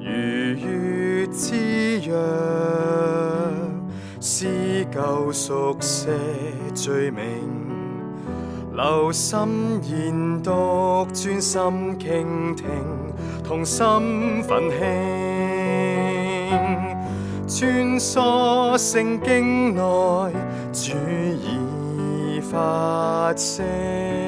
如月之約，思舊熟識罪名，留心研讀，專心傾聽，同心奮興，穿梭聖經內，主已發聲。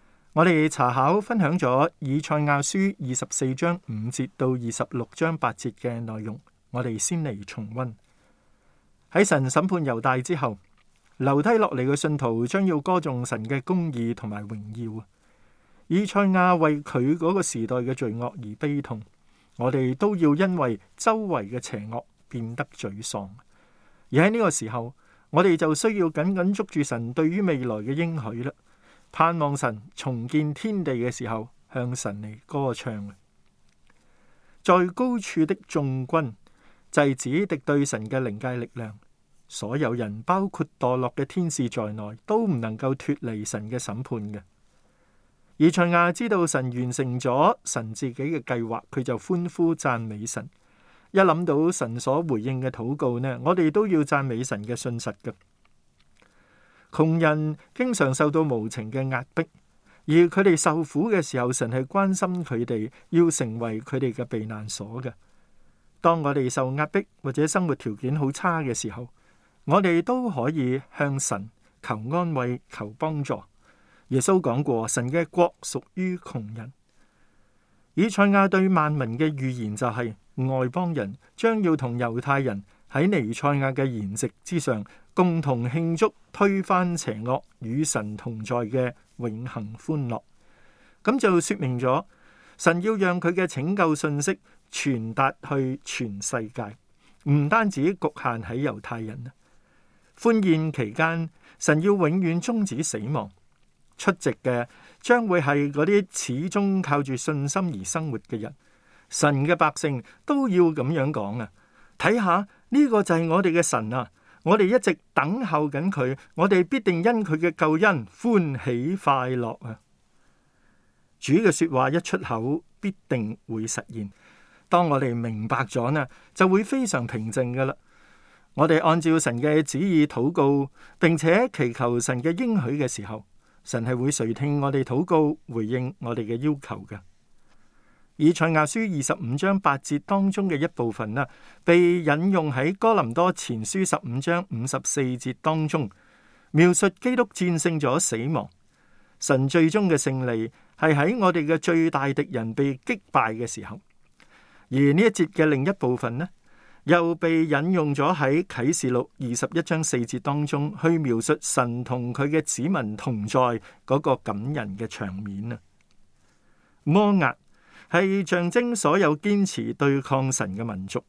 我哋查考分享咗以賽亞書二十四章五節到二十六章八節嘅內容，我哋先嚟重溫。喺神審判猶大之後，留低落嚟嘅信徒將要歌頌神嘅公義同埋榮耀。以賽亞為佢嗰個時代嘅罪惡而悲痛，我哋都要因為周圍嘅邪惡變得沮喪。而喺呢個時候，我哋就需要緊緊捉住神對於未來嘅應許啦。盼望神重建天地嘅時候，向神嚟歌唱嘅。在高處的眾軍，就指敵對神嘅靈界力量。所有人，包括墮落嘅天使在內，都唔能夠脱離神嘅審判嘅。以賽亞知道神完成咗神自己嘅計劃，佢就歡呼讚美神。一諗到神所回應嘅禱告呢，我哋都要讚美神嘅信實嘅。窮人經常受到無情嘅壓迫，而佢哋受苦嘅時候，神係關心佢哋，要成為佢哋嘅避難所嘅。當我哋受壓迫或者生活條件好差嘅時候，我哋都可以向神求安慰、求幫助。耶穌講過，神嘅國屬於窮人。以賽亞對萬民嘅預言就係、是、外邦人將要同猶太人喺彌賽亞嘅筵席之上。共同慶祝推翻邪惡、與神同在嘅永恆歡樂，咁就說明咗神要讓佢嘅拯救信息傳達去全世界，唔單止局限喺猶太人啊！歡宴期間，神要永遠終止死亡，出席嘅將會係嗰啲始終靠住信心而生活嘅人，神嘅百姓都要咁樣講啊！睇下呢個就係我哋嘅神啊！我哋一直等候緊佢，我哋必定因佢嘅救恩歡喜快樂啊！主嘅說話一出口，必定會實現。當我哋明白咗呢，就會非常平靜㗎喇。我哋按照神嘅旨意禱告，並且祈求神嘅應許嘅時候，神係會垂聽我哋禱告，回應我哋嘅要求嘅。以賽亞書二十五章八節當中嘅一部分啦，被引用喺哥林多前書十五章五十四節當中，描述基督戰勝咗死亡。神最終嘅勝利係喺我哋嘅最大敵人被擊敗嘅時候。而呢一節嘅另一部分呢，又被引用咗喺啟示錄二十一章四節當中，去描述神同佢嘅子民同在嗰個感人嘅場面啊。摩押。係象徵所有堅持對抗神嘅民族，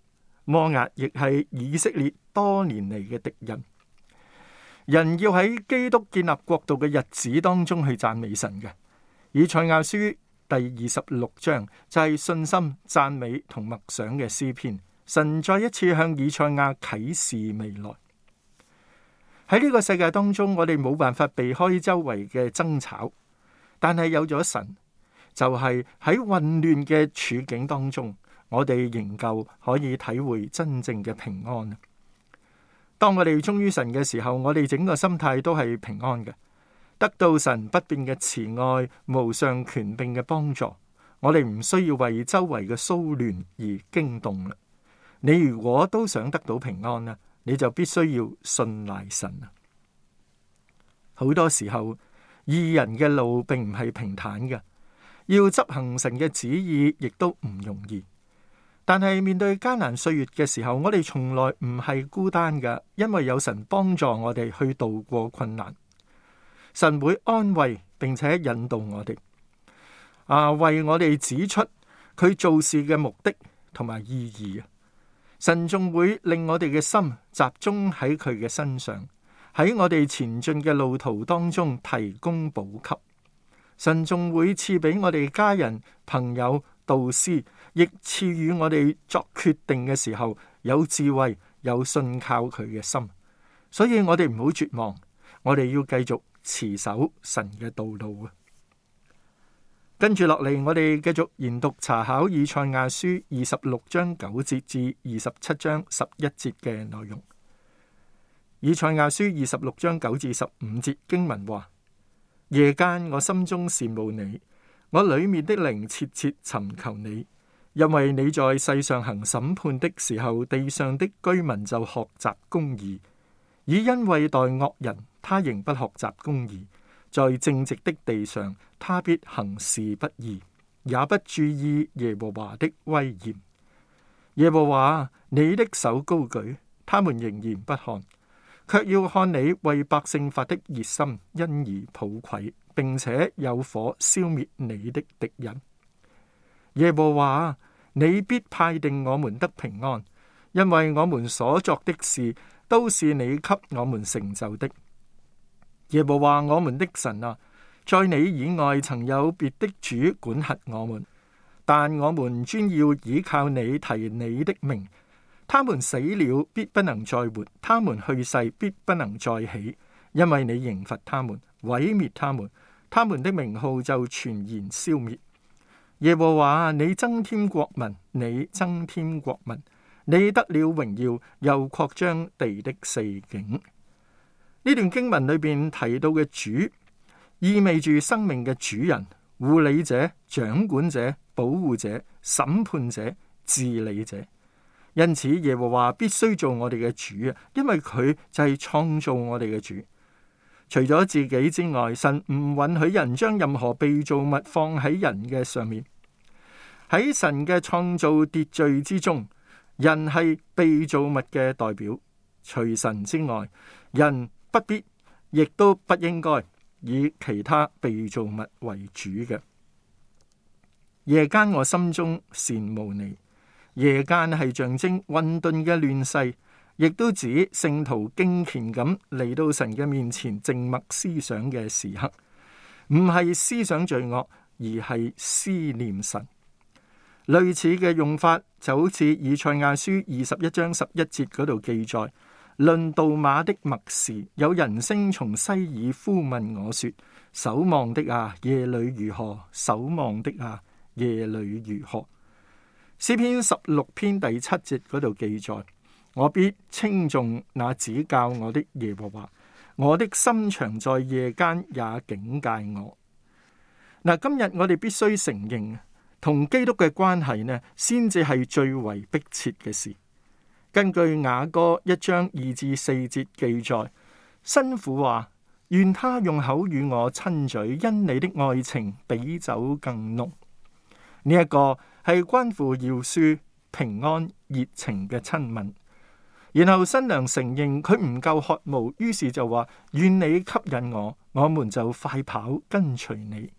摩押亦係以色列多年嚟嘅敵人。人要喺基督建立國度嘅日子當中去讚美神嘅。以賽亞書第二十六章就係信心、讚美同默想嘅詩篇。神再一次向以賽亞啟示未來。喺呢個世界當中，我哋冇辦法避開周圍嘅爭吵，但係有咗神。就係喺混亂嘅處境當中，我哋仍舊可以體會真正嘅平安。當我哋忠於神嘅時候，我哋整個心態都係平安嘅，得到神不變嘅慈愛、無上權柄嘅幫助。我哋唔需要為周圍嘅騷亂而驚動。你如果都想得到平安啦，你就必須要信賴神啊！好多時候，義人嘅路並唔係平坦嘅。要執行神嘅旨意，亦都唔容易。但係面對艱難歲月嘅時候，我哋從來唔係孤單㗎，因為有神幫助我哋去度過困難。神會安慰並且引導我哋，啊，為我哋指出佢做事嘅目的同埋意義。神仲會令我哋嘅心集中喺佢嘅身上，喺我哋前進嘅路途當中提供補給。神仲會賜俾我哋家人、朋友、導師，亦賜予我哋作決定嘅時候有智慧、有信靠佢嘅心，所以我哋唔好絕望，我哋要繼續持守神嘅道路啊！跟住落嚟，我哋繼續研讀查考以賽亞書二十六章九節至二十七章十一節嘅內容。以賽亞書二十六章九至十五節經文話。夜間我心中羨慕你，我裏面的靈切切尋求你，因為你在世上行審判的時候，地上的居民就學習公義。以恩待惡人，他仍不學習公義；在正直的地上，他必行事不義，也不注意耶和華的威嚴。耶和華，你的手高舉，他們仍然不看。卻要看你為百姓發的熱心，因而抱愧，並且有火消滅你的敵人。耶和華，你必派定我們得平安，因為我們所作的事都是你給我們成就的。耶和華我們的神啊，在你以外曾有別的主管轄我們，但我們專要倚靠你，提你的名。他們死了必不能再活，他們去世必不能再起，因為你刑罰他們，毀滅他們，他們的名號就全然消滅。耶和華，你增添國民，你增添國民，你得了榮耀，又擴張地的四境。呢段經文裏邊提到嘅主，意味住生命嘅主人、護理者、掌管者、保護者、審判者、治理者。因此，耶和華必須做我哋嘅主啊，因為佢就係創造我哋嘅主。除咗自己之外，神唔允許人將任何被造物放喺人嘅上面。喺神嘅創造秩序之中，人係被造物嘅代表。除神之外，人不必，亦都不應該以其他被造物為主嘅。夜間，我心中羨慕你。夜間係象徵混沌嘅亂世，亦都指聖徒敬虔咁嚟到神嘅面前靜默思想嘅時刻，唔係思想罪惡，而係思念神。類似嘅用法就好似以賽亞書二十一章十一節嗰度記載，論度瑪的默示，有人聲從西珥呼問我說：守望的啊，夜裡如何？守望的啊，夜裡如何？詩篇十六篇第七節嗰度記載：我必稱頌那指教我的耶和華，我的心腸在夜間也警戒我。嗱，今日我哋必須承認，同基督嘅關係呢，先至係最為迫切嘅事。根據雅歌一章二至四節記載，新婦話：願他用口與我親嘴，因你的愛情比酒更濃。呢一個係關乎饒恕、平安、熱情嘅親吻。然後新娘承認佢唔夠渴慕，於是就話：願你吸引我，我們就快跑跟隨你。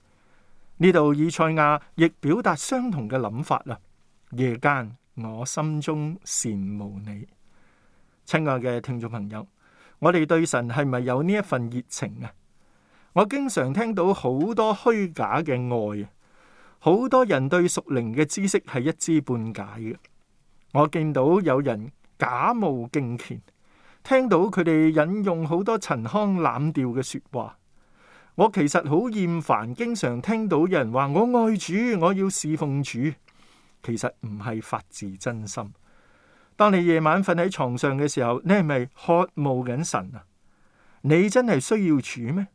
呢度以賽亞亦表達相同嘅諗法啦。夜間我心中羨慕你，親愛嘅聽眾朋友，我哋對神係咪有呢一份熱情啊？我經常聽到好多虛假嘅愛好多人對屬靈嘅知識係一知半解嘅。我見到有人假冒敬虔，聽到佢哋引用好多陳腔濫調嘅説話。我其實好厭煩，經常聽到有人話我愛主，我要侍奉主。其實唔係發自真心。當你夜晚瞓喺床上嘅時候，你係咪渴慕緊神啊？你真係需要主咩？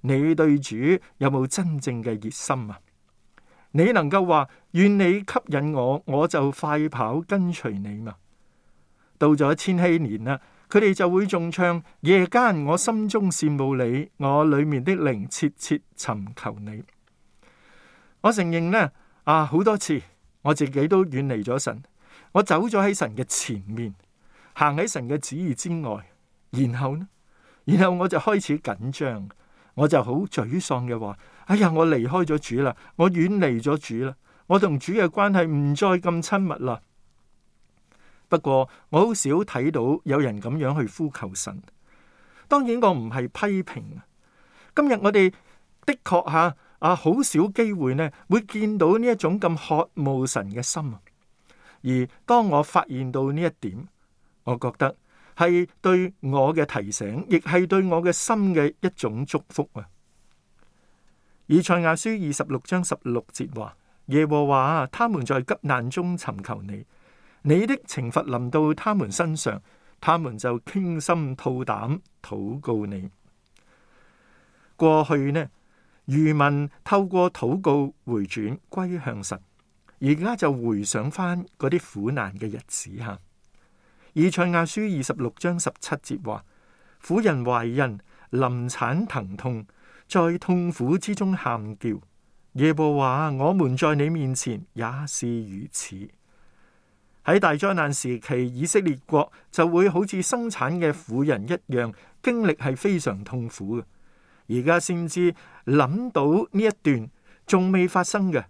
你對主有冇真正嘅熱心啊？你能夠話，願你吸引我，我就快跑跟隨你嘛？到咗千禧年啦，佢哋就會仲唱，夜間我心中羨慕你，我裏面的靈切切尋求你。我承認呢，啊，好多次我自己都遠離咗神，我走咗喺神嘅前面，行喺神嘅旨意之外，然後呢，然後我就開始緊張，我就好沮喪嘅話。哎呀，我離開咗主啦，我遠離咗主啦，我同主嘅關係唔再咁親密啦。不過我好少睇到有人咁樣去呼求神。當然我唔係批評。今日我哋的確吓啊啊、好少機會呢，會見到呢一種咁渴慕神嘅心。而當我發現到呢一點，我覺得係對我嘅提醒，亦係對我嘅心嘅一種祝福啊！以賽亞書二十六章十六節話：耶和華，他們在急難中尋求你，你的懲罰臨到他們身上，他們就傾心吐膽禱告你。過去呢，愚民透過禱告回轉歸向神，而家就回想翻嗰啲苦難嘅日子啊。以賽亞書二十六章十七節話：婦人懷孕，臨產疼痛。在痛苦之中喊叫，耶和華，我們在你面前也是如此。喺大災難時期，以色列國就會好似生產嘅婦人一樣，經歷係非常痛苦嘅。而家先至諗到呢一段仲未發生嘅，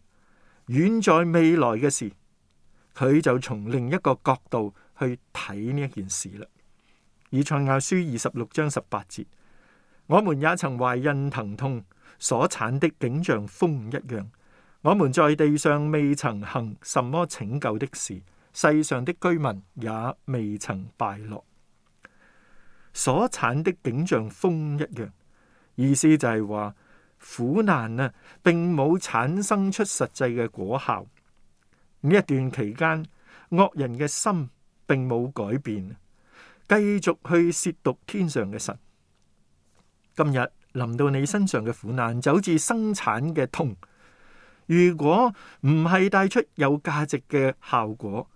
遠在未來嘅事，佢就從另一個角度去睇呢一件事啦。以賽亞書二十六章十八節。我們也曾懷孕疼痛，所產的竟像風一樣。我們在地上未曾行什麼拯救的事，世上的居民也未曾敗落，所產的竟像風一樣。意思就係話苦難啊，並冇產生出實際嘅果效。呢一段期間，惡人嘅心並冇改變，繼續去褻瀆天上嘅神。今日臨到你身上嘅苦難，就好似生產嘅痛，如果唔係帶出有價值嘅效果，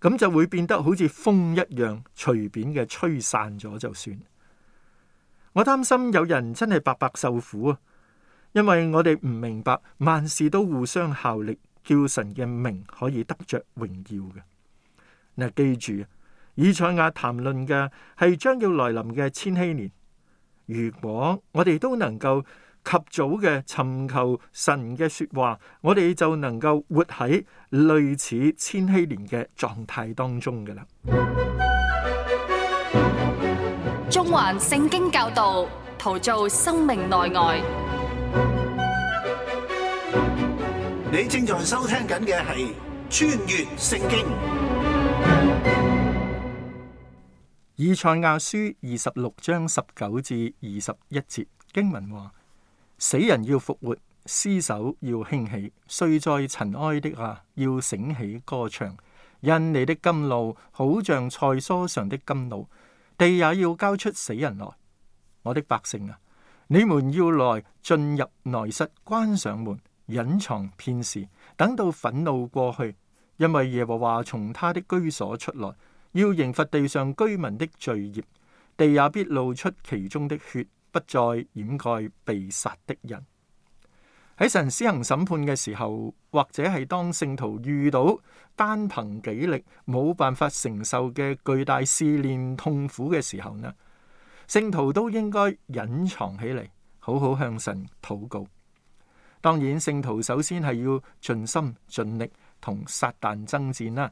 咁就會變得好似風一樣隨便嘅吹散咗就算。我擔心有人真係白白受苦啊！因為我哋唔明白萬事都互相效力，叫神嘅名可以得着榮耀嘅。嗱，記住，以賽亞談論嘅係將要來臨嘅千禧年。如果我哋都能夠及早嘅尋求神嘅說話，我哋就能夠活喺類似千禧年嘅狀態當中嘅啦。中環聖經教導，陶造生命內外。你正在收聽緊嘅係《穿越聖經》。以賽亞書二十六章十九至二十一節經文話：死人要復活，屍首要興起，睡在塵埃的啊，要醒起歌唱。因你的甘露，好像菜蔬上的甘露，地也要交出死人來。我的百姓啊，你們要來進入內室，關上門，隱藏片時，等到憤怒過去，因為耶和華從他的居所出來。要刑罰地上居民的罪孽，地也必露出其中的血，不再掩蓋被殺的人。喺神施行審判嘅時候，或者係當聖徒遇到單憑己力冇辦法承受嘅巨大試煉、痛苦嘅時候呢，聖徒都應該隱藏起嚟，好好向神禱告。當然，聖徒首先係要盡心盡力同撒但爭戰啦。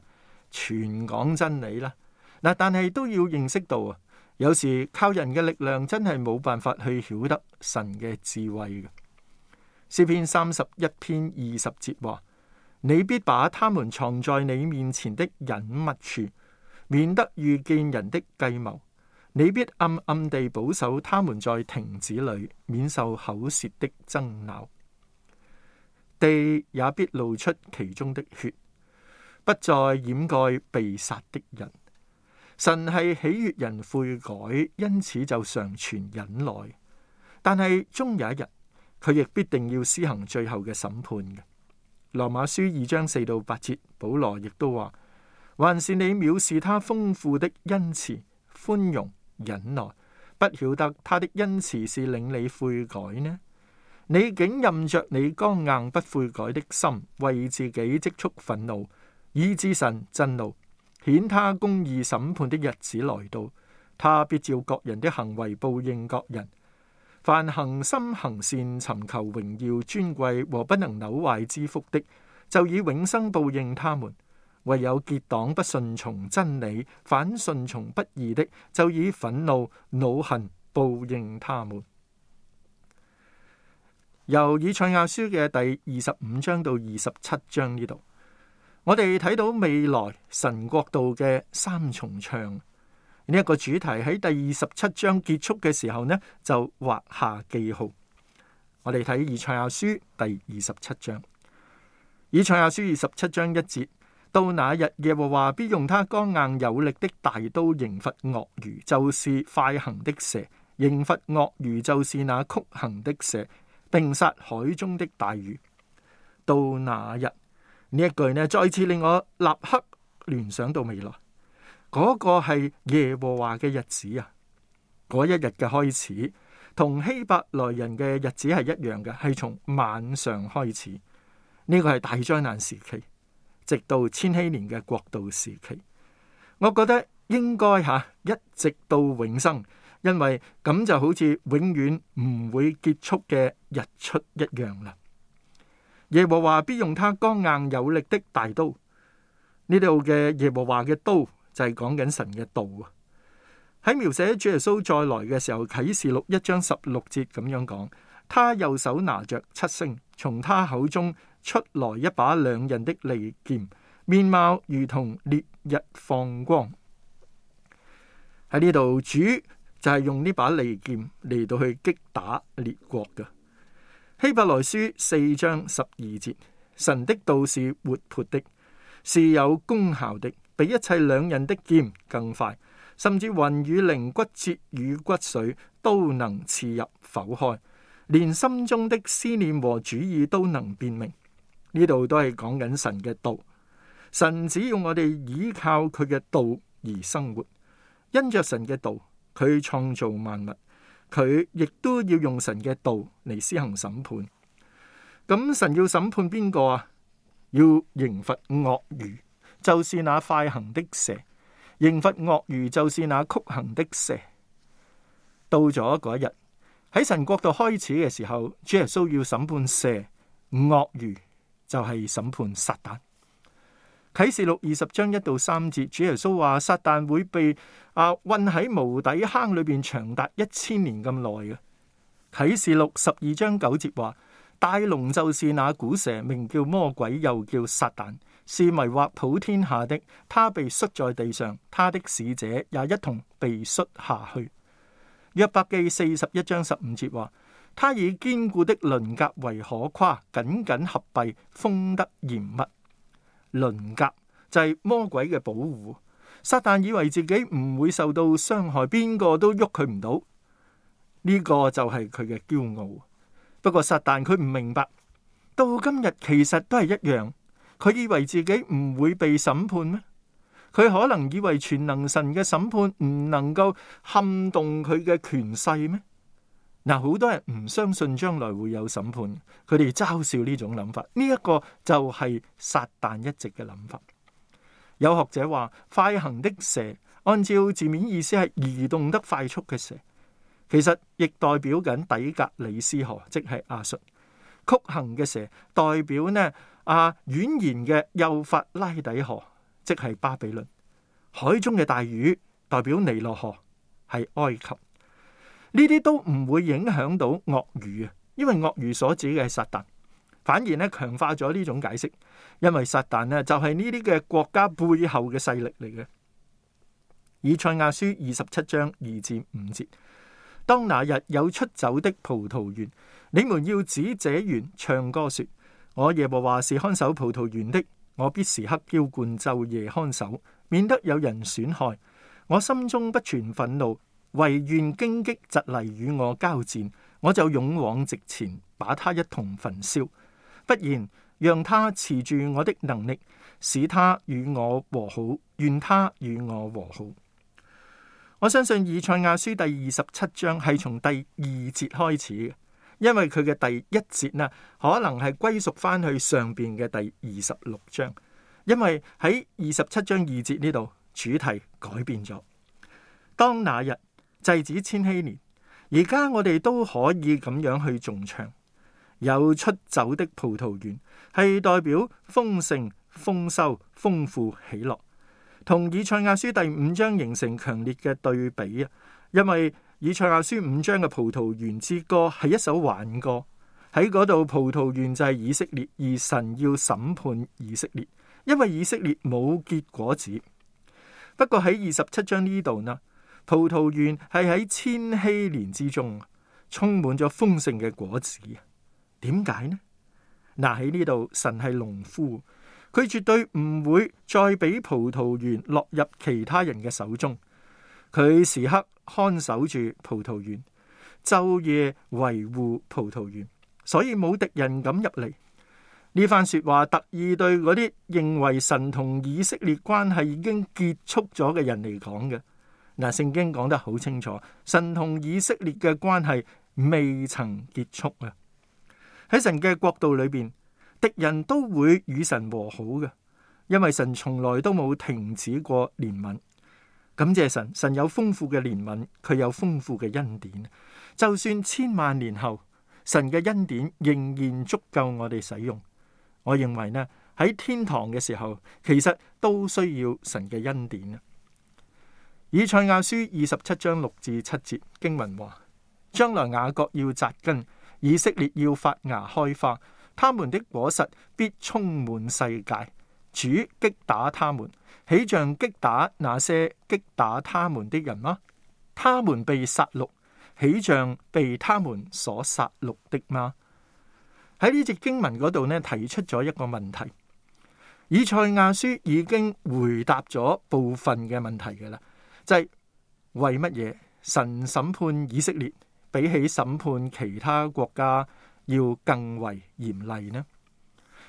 全講真理啦，嗱，但係都要認識到啊，有時靠人嘅力量真係冇辦法去曉得神嘅智慧嘅。詩篇三十一篇二十節話：你必把他們藏在你面前的隱密處，免得遇見人的計謀；你必暗暗地保守他們在亭子裏，免受口舌的爭拗；地也必露出其中的血。不再掩蓋被殺的人，神係喜悦人悔改，因此就常存忍耐。但係終有一日，佢亦必定要施行最後嘅審判嘅。羅馬書二章四到八節，保羅亦都話：還是你藐視他豐富的恩慈、寬容、忍耐，不曉得他的恩慈是令你悔改呢？你竟任着你剛硬不悔改的心，為自己積蓄憤怒。以致神震怒，顯他公義審判的日子來到，他必照各人的行為報應各人。凡行心行善、尋求榮耀尊貴和不能朽壞之福的，就以永生報應他們；唯有結黨不順從真理，反順從不義的，就以憤怒惱恨報應他們。由以賽亞書嘅第二十五章到二十七章呢度。我哋睇到未來神國度嘅三重唱，呢、這、一個主題喺第二十七章結束嘅時候呢，就畫下記號。我哋睇以賽亞書第二十七章，以賽亞書二十七章一節：到那日話話，耶和華必用他剛硬有力的大刀刑罰鱷魚，就是快行的蛇；刑罰鱷魚，就是那曲行的蛇，並殺海中的大魚。到那日。呢一句呢，再次令我立刻聯想到未來，嗰個係耶和華嘅日子啊！嗰一日嘅開始，同希伯來人嘅日子係一樣嘅，係從晚上開始。呢個係大災難時期，直到千禧年嘅國度時期。我覺得應該嚇一直到永生，因為咁就好似永遠唔會結束嘅日出一樣啦。耶和華必用他剛硬有力的大刀，呢度嘅耶和華嘅刀就係講緊神嘅道啊！喺描寫主耶穌再來嘅時候，啟示錄一章十六節咁樣講：他右手拿着七星，從他口中出來一把兩刃的利劍，面貌如同烈日放光。喺呢度，主就係用呢把利劍嚟到去擊打列國嘅。希伯來書四章十二節，神的道是活潑的，是有功效的，比一切兩刃的劍更快，甚至魂與靈、骨節與骨髓都能刺入剖開，連心中的思念和主意都能辨明。呢度都係講緊神嘅道，神只要我哋依靠佢嘅道而生活，因着神嘅道，佢創造萬物。佢亦都要用神嘅道嚟施行審判。咁神要審判邊個啊？要刑罰鱷魚，就是那快行的蛇；刑罰鱷魚，就是那曲行的蛇。到咗嗰一日，喺神國度開始嘅時候，主耶穌要審判蛇、鱷魚，就係審判撒旦。啟示錄二十章一到三節，主耶穌話撒旦會被啊困喺無底坑裏邊，長達一千年咁耐嘅。啟示錄十二章九節話，大龍就是那古蛇，名叫魔鬼，又叫撒旦。是迷惑普天下的。他被摔在地上，他的使者也一同被摔下去。約伯記四十一章十五節話，他以堅固的鱗甲為可誇，緊緊合閉，封得嚴密。鱗甲就係、是、魔鬼嘅保護，撒旦以為自己唔會受到傷害，邊個都喐佢唔到，呢、這個就係佢嘅驕傲。不過撒旦佢唔明白，到今日其實都係一樣，佢以為自己唔會被審判咩？佢可能以為全能神嘅審判唔能夠撼動佢嘅權勢咩？嗱，好多人唔相信將來會有審判，佢哋嘲笑呢種諗法。呢一個就係撒但一直嘅諗法。有學者話：快行的蛇，按照字面意思係移動得快速嘅蛇，其實亦代表緊底格里斯河，即係亞述；曲行嘅蛇代表呢阿軟言嘅幼發拉底河，即係巴比倫；海中嘅大魚代表尼羅河，係埃及。呢啲都唔會影響到鱷魚啊，因為鱷魚所指嘅係撒旦，反而咧強化咗呢種解釋，因為撒旦咧就係呢啲嘅國家背後嘅勢力嚟嘅。以賽亞書二十七章二至五節：當那日有出走的葡萄園，你們要指這園唱歌說：我耶和華是看守葡萄園的，我必時刻澆灌晝夜看守，免得有人損害。我心中不存憤怒。唯願荊棘蒺藜與我交戰，我就勇往直前，把他一同焚燒；不然，讓他持住我的能力，使他與我和好，願他與我和好。我相信以賽亞書第二十七章係從第二節開始嘅，因為佢嘅第一節呢，可能係歸屬翻去上邊嘅第二十六章，因為喺二十七章二節呢度主題改變咗。當那日。制止千禧年，而家我哋都可以咁樣去重唱有出走的葡萄園，係代表豐盛、豐收、豐富喜樂，同以賽亞書第五章形成強烈嘅對比啊！因為以賽亞書五章嘅葡萄園之歌係一首輓歌，喺嗰度葡萄園就係以色列，而神要審判以色列，因為以色列冇結果子。不過喺二十七章呢度呢？葡萄園係喺千禧年之中，充滿咗豐盛嘅果子。點解呢？嗱，喺呢度，神係農夫，佢絕對唔會再俾葡萄園落入其他人嘅手中。佢時刻看守住葡萄園，晝夜維護葡萄園，所以冇敵人敢入嚟。呢番說話特意對嗰啲認為神同以色列關係已經結束咗嘅人嚟講嘅。嗱，聖經講得好清楚，神同以色列嘅關係未曾結束啊！喺神嘅國度裏邊，敵人都會與神和好嘅，因為神從來都冇停止過憐憫。感謝神，神有豐富嘅憐憫，佢有豐富嘅恩典。就算千萬年後，神嘅恩典仍然足夠我哋使用。我認為呢喺天堂嘅時候，其實都需要神嘅恩典以賽亞書二十七章六至七節經文話：將來雅各要扎根，以色列要發芽開花，他們的果實必充滿世界。主擊打他們，起像擊打那些擊打他們的人嗎？他們被殺戮，起像被他們所殺戮的嗎？喺呢節經文嗰度呢，提出咗一個問題。以賽亞書已經回答咗部分嘅問題嘅啦。即係為乜嘢神審判以色列比起審判其他國家要更為嚴厲呢？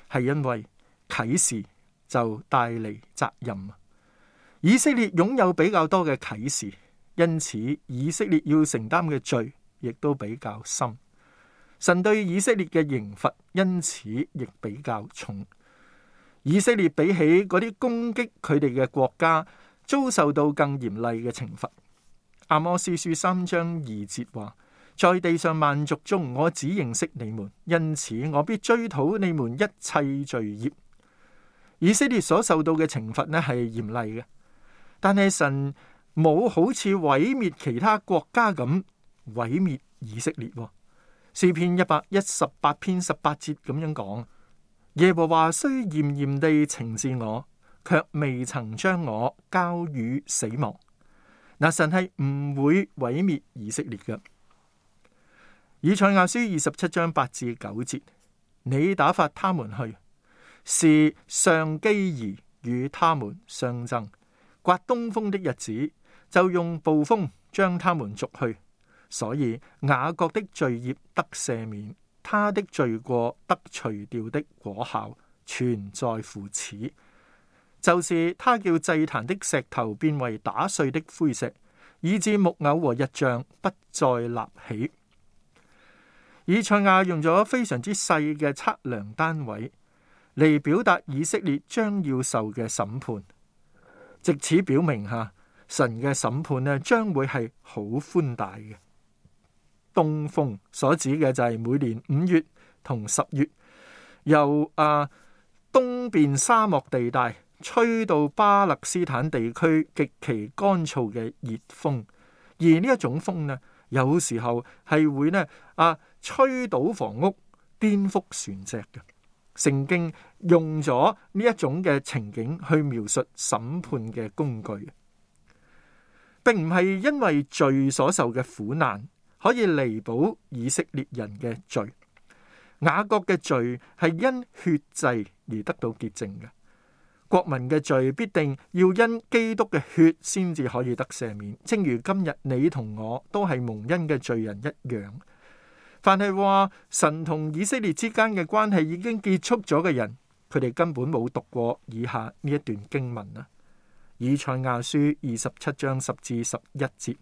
係因為啓示就帶嚟責任。以色列擁有比較多嘅啓示，因此以色列要承擔嘅罪亦都比較深。神對以色列嘅刑罰因此亦比較重。以色列比起嗰啲攻擊佢哋嘅國家。遭受到更嚴厲嘅懲罰。阿摩斯書三章二節話：在地上萬族中，我只認識你們，因此我必追討你們一切罪孽。以色列所受到嘅懲罰呢係嚴厲嘅，但係神冇好似毀滅其他國家咁毀滅以色列。詩篇一百一十八篇十八節咁樣講：耶和華雖嚴嚴地懲治我，卻未曾將我交予死亡。那神係唔會毀滅以色列嘅。以賽亞書二十七章八至九節：你打發他們去，是上機宜與他們相爭。刮東風的日子，就用暴風將他們逐去。所以雅各的罪孽得赦免，他的罪過得除掉的果效，全在乎此。就是他叫祭壇的石頭變為打碎的灰石，以致木偶和日像不再立起。以賽亞用咗非常之細嘅測量單位嚟，表達以色列將要受嘅審判，藉此表明吓神嘅審判咧，將會係好寬大嘅。東風所指嘅就係每年五月同十月由啊東邊沙漠地帶，吹到巴勒斯坦地區極其乾燥嘅熱風，而呢一種風呢，有時候係會咧啊，吹倒房屋、顛覆船隻嘅。聖經用咗呢一種嘅情景去描述審判嘅工具，並唔係因為罪所受嘅苦難可以彌補以色列人嘅罪。雅各嘅罪係因血祭而得到潔淨嘅。國民嘅罪必定要因基督嘅血先至可以得赦免，正如今日你同我都係蒙恩嘅罪人一樣。凡係話神同以色列之間嘅關係已經結束咗嘅人，佢哋根本冇讀過以下呢一段經文啊。以賽亞書二十七章十至十一節，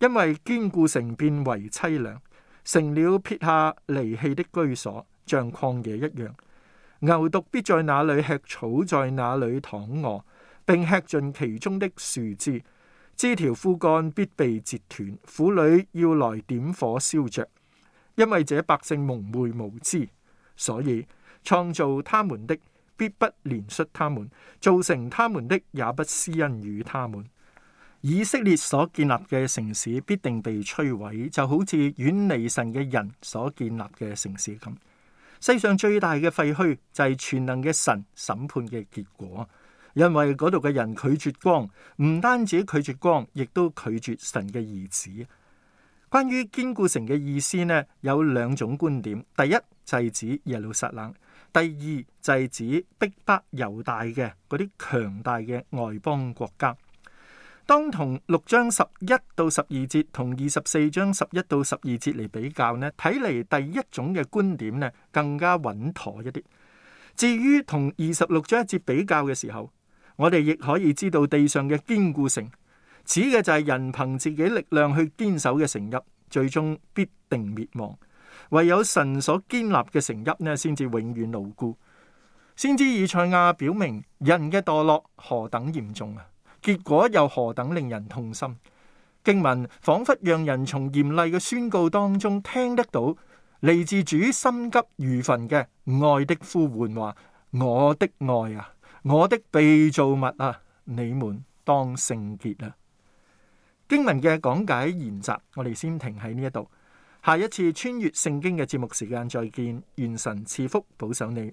因為堅固城變為淒涼，成了撇下離棄的居所，像曠野一樣。牛犢必在那裏吃草，在那裏躺臥，並吃盡其中的樹枝。枝條枯乾必被折斷，婦女要來點火燒着，因為這百姓蒙昧無知。所以創造他們的必不憐恤他們，造成他們的也不施恩與他們。以色列所建立嘅城市必定被摧毀，就好似遠離神嘅人所建立嘅城市咁。世上最大嘅廢墟就係全能嘅神審判嘅結果，因為嗰度嘅人拒絕光，唔單止拒絕光，亦都拒絕神嘅兒子。關於堅固城嘅意思呢，有兩種觀點：第一係指耶路撒冷，第二係指逼迫猶大嘅嗰啲強大嘅外邦國家。當同六章十一到十二節同二十四章十一到十二節嚟比較呢，睇嚟，第一種嘅觀點呢，更加穩妥一啲。至於同二十六章一節比較嘅時候，我哋亦可以知道地上嘅堅固城指嘅就係人憑自己力量去堅守嘅城邑，最終必定滅亡。唯有神所堅立嘅城邑呢，先至永遠牢固。先知以賽亞表明人嘅墮落何等嚴重啊！結果又何等令人痛心！經文仿佛讓人從嚴厲嘅宣告當中聽得到嚟自主心急如焚嘅愛的呼喚話：話我的愛啊，我的被造物啊，你們當聖潔啦、啊！經文嘅講解研習，我哋先停喺呢一度。下一次穿越聖經嘅節目時間再見，願神賜福保守你。